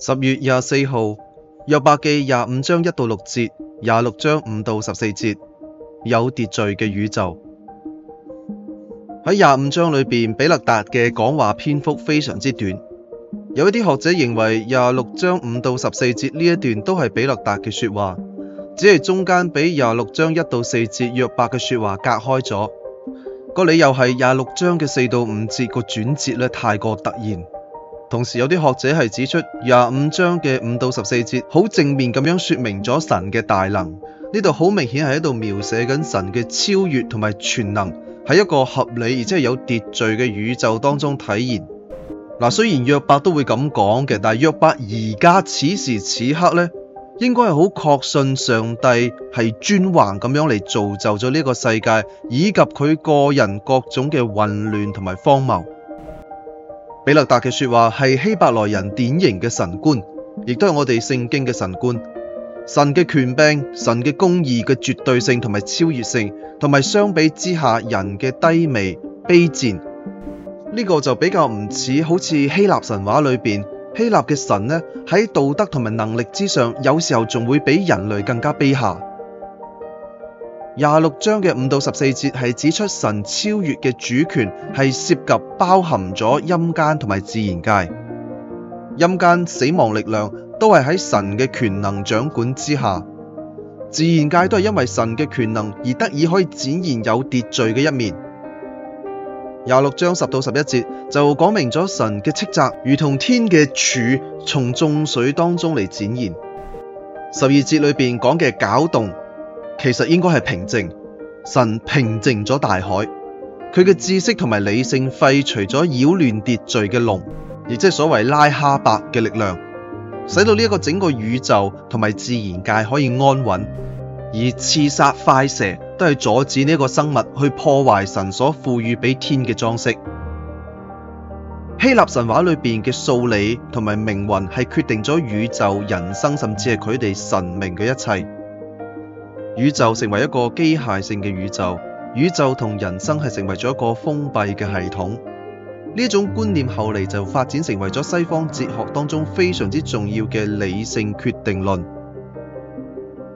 十月廿四號，約伯記廿五章一到六節，廿六章五到十四節，有秩序嘅宇宙。喺廿五章裏邊，比勒達嘅講話篇幅非常之短。有一啲學者認為廿六章五到十四節呢一段都係比勒達嘅說話，只係中間俾廿六章一到四節約伯嘅說話隔開咗。個理由係廿六章嘅四到五節個轉折咧太過突然。同時有啲學者係指出廿五章嘅五到十四節好正面咁樣說明咗神嘅大能，呢度好明顯係喺度描寫緊神嘅超越同埋全能，喺一個合理而且有秩序嘅宇宙當中體現。嗱，雖然約伯都會咁講嘅，但係約伯而家此時此刻呢，應該係好確信上帝係專橫咁樣嚟造就咗呢個世界，以及佢個人各種嘅混亂同埋荒謬。比勒達嘅說話係希伯來人典型嘅神觀，亦都係我哋聖經嘅神觀。神嘅權柄、神嘅公義嘅絕對性同埋超越性，同埋相比之下人嘅低微、卑賤，呢、這個就比較唔似好似希臘神話裏邊希臘嘅神呢，喺道德同埋能力之上，有時候仲會比人類更加卑下。廿六章嘅五到十四節係指出神超越嘅主權係涉及包含咗陰間同埋自然界，陰間死亡力量都係喺神嘅權能掌管之下，自然界都係因為神嘅權能而得以可以展現有秩序嘅一面。廿六章十到十一節就講明咗神嘅斥責，如同天嘅柱從眾水當中嚟展現。十二節裏面講嘅攪動。其實應該係平靜，神平靜咗大海，佢嘅知識同埋理性廢除咗擾亂秩序嘅龍，而即係所謂拉哈伯嘅力量，使到呢一個整個宇宙同埋自然界可以安穩。而刺殺快蛇都係阻止呢一個生物去破壞神所賦予俾天嘅裝飾。希臘神話裏面嘅數理同埋命運係決定咗宇宙、人生，甚至係佢哋神明嘅一切。宇宙成為一個機械性嘅宇宙，宇宙同人生係成為咗一個封閉嘅系統。呢種觀念後嚟就發展成為咗西方哲學當中非常之重要嘅理性決定論。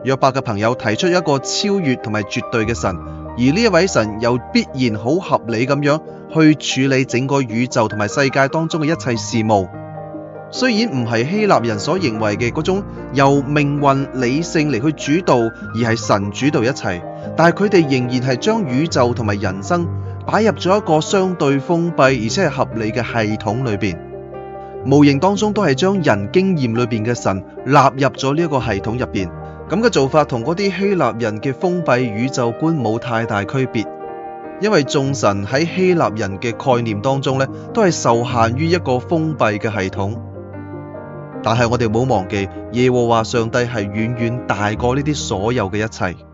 約伯嘅朋友提出一個超越同埋絕對嘅神，而呢位神又必然好合理咁樣去處理整個宇宙同埋世界當中嘅一切事務。雖然唔係希臘人所認為嘅嗰種由命運理性嚟去主導，而係神主導一切，但係佢哋仍然係將宇宙同埋人生擺入咗一個相對封閉而且係合理嘅系統裏邊。無形當中都係將人經驗裏邊嘅神納入咗呢一個系統入邊。咁嘅做法同嗰啲希臘人嘅封閉宇宙觀冇太大區別，因為眾神喺希臘人嘅概念當中呢，都係受限於一個封閉嘅系統。但係我哋唔好忘記，耶和華上帝係遠遠大過呢啲所有嘅一切。